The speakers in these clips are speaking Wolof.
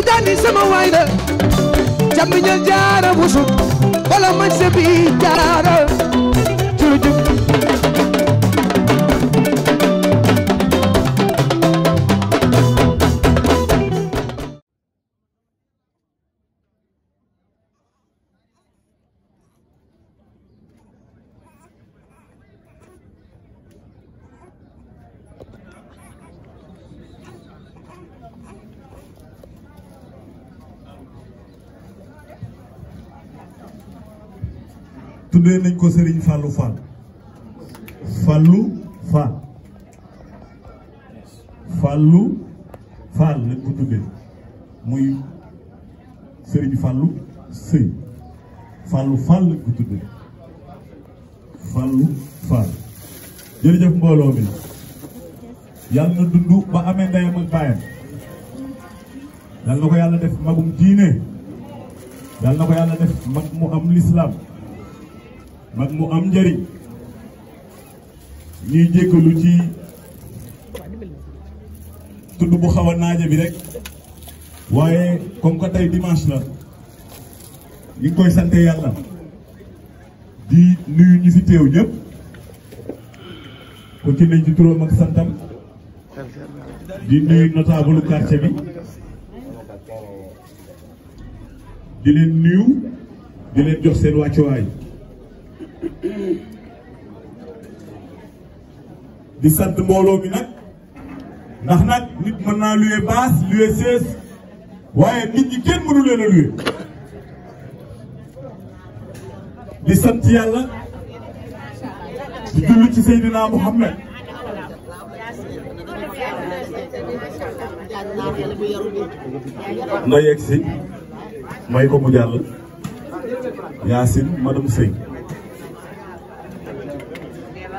tijaani sama waay la jàmm ñal jaara busuk wala man sebi jaara tuddee nañ ko Serigne Fallou Fall Fallou Fall Fallou Fall lañ ko tuddee muy Serigne Fallou Sëy Fallou Fall lañ ko tuddee Fallou Fall jërëjëf mbooloo mi yàlla na dund ba amee ndeyam ak baayam yàlla na ko yàlla def magum diine yàlla na ko yàlla def mag am lislaam mag mu am njariñ ñuy jéggalu ci tudd bu xaw a naaja bi rek waaye comme que tey dimanche la ngi koy sant yàlla di nuyu ñi fi teew ñëpp ku ci ne ci turam ak santam di nuyu notable quartier bi di leen nuyu di leen jox seen wàccuwaay di sant mbooloo mi nag ndax nag nit mën naa louer baas louer sees waaye nit ñi kenn mënu leen a louer di sant yàlla di julli ci Seydina Muhammad nga yegg may ko mu jàll Yacine madame Seye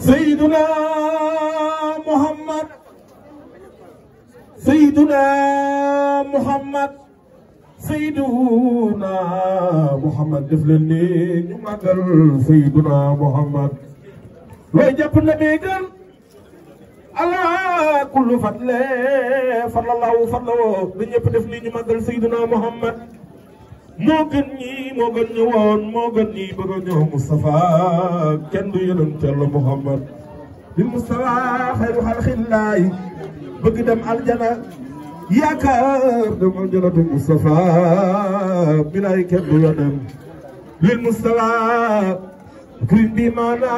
سيدنا محمد سيدنا محمد سيدنا محمد def leen ni ñu màggal سيدنا محمد way jàpp na bégal ala kullu fadle fadlallahu fadlawo bi ñëpp def ni ñu màggal سيدنا محمد moo gën ñi moo gën ñu woon moo gën ñi bëgg a ñëw Moustapha kenn du yonent Yàlla Muhammad bil Moustapha xayru xalqillaay bëgg dem aljana yaakaar dem aljana du Moustapha bilaay kenn du yonent bil Moustapha grin bi maana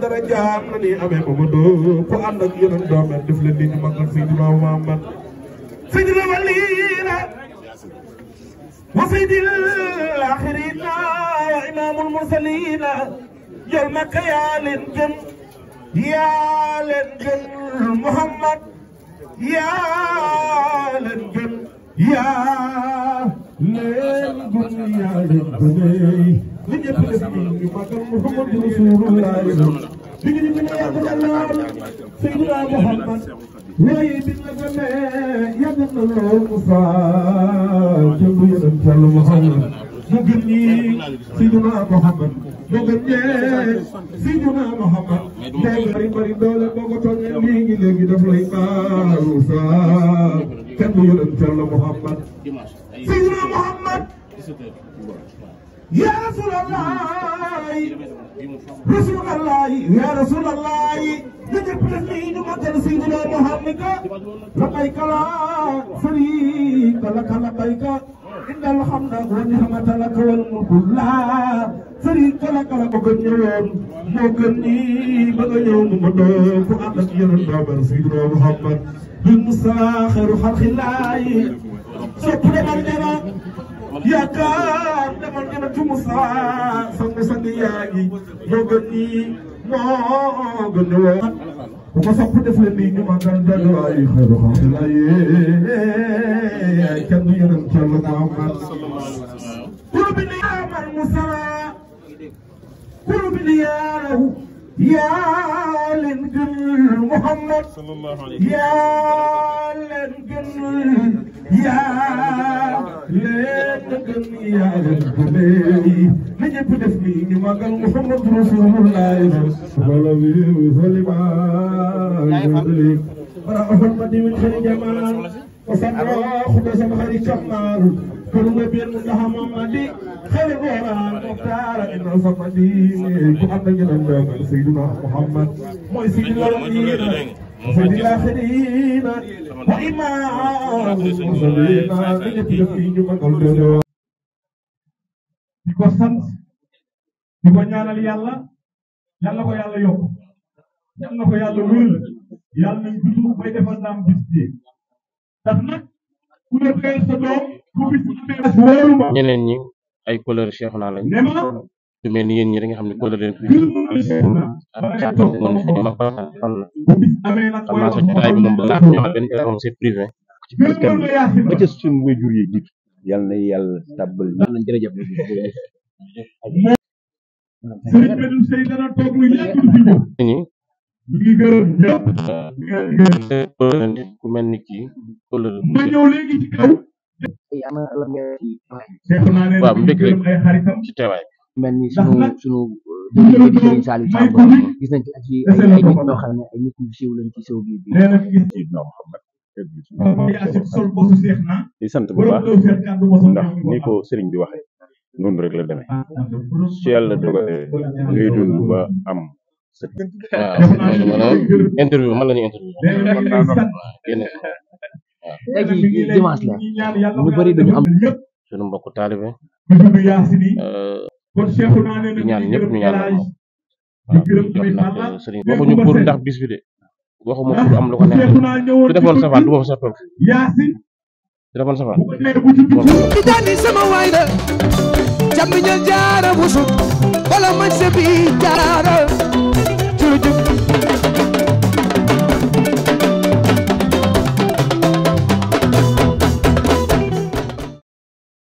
darajaam na ni amee Mamadou ku ànd ak yonent doomet def leen ni ñu وسيد الآخرين يا إمام المرسلين يا مكة يا لنجل يا لنجل محمد يا لنجل يا لنجل يا لنجل من يبلغني محمد رسول الله سيدنا محمد ويدنا يا ابن المصطفى fallu Muhammad mu gën ñii Seydina Muhammad mu gën ñee Seydina Muhammad ndey bari bari doole boo ko toñee léegi léegi daf lay baaru saa kenn mu yonent fallu Muhammad Seydina Muhammad yaa Rasulallahi Rasulallahi yaa Rasulallahi نجبرني نمتن سيدنا محمد لبيك لا شريك لك لبيك إن الحمد والنعمة لك والملك لا شريك لك لك كن يوم مكني بغى يوم مدوك أنك يرد بابر سيدنا محمد بن مصطفى خير خلق الله سبحان الله yaakaar demal dina ci Moussa sang sang yaa ngi moo gën nii moo gën a woo ko sopp def leen nii ñu màggal dal ay xayru xalqi ay kenn du yonent Yàlla Muhammad قرب ديارهم yaa leen gënal Muhammad yaa leen gënal yaa leen gën yaa leen gënal na ñëpp def ni ñu magal Muhammad Rasulullah wala wi salima bara ahmadi min xari jamaan wa sama xuda sama xari kamaal كرم بير مدها محمد خير بوران مختار إن الفقدين كأن جنب سيدنا محمد موي سيدنا المدينة سيد الآخرين وإمام المرسلين من يبدأ ñu magal dodo di ko sant di ko ñaanal yàlla yal na ko yàlla yokk yal na ko yàlla wéral yàlla nañ gudd bay defal naam bis bi ndax nag ku ne xëyal sa doom ñeneen ñi ay couleur cheikh naa lañ du mel ni yéen ñi da nga xam ne couleur leen xam naa sa jotaay bi moom ba laata ñoo benn téléphone c'est privé ci na yàlla tàbbal ñu ñi ku mel ni kii waaw mu dégg rek ci teewaay mel ni sunu sunu dëgg Serigne Saliou ay ay nit ñoo xam ne ay lañ ci bi bi di sant bu baax ndax ni ko sëriñ bi waxee noonu rek la demee ci yàlla dogalee ngay dund am sëriñ waaw interview man la ñu interview tey jii dimanche la ñu bëri duñu am. sunu mbokku taalibe. Euh, di ñaan ñëpp ñu ñaanal ko. waaw ndax euh, ndax bis bi de waxuma pour am lu ko neex su defoon safaan du sama waay la jàmm ña wala ma se bi jaara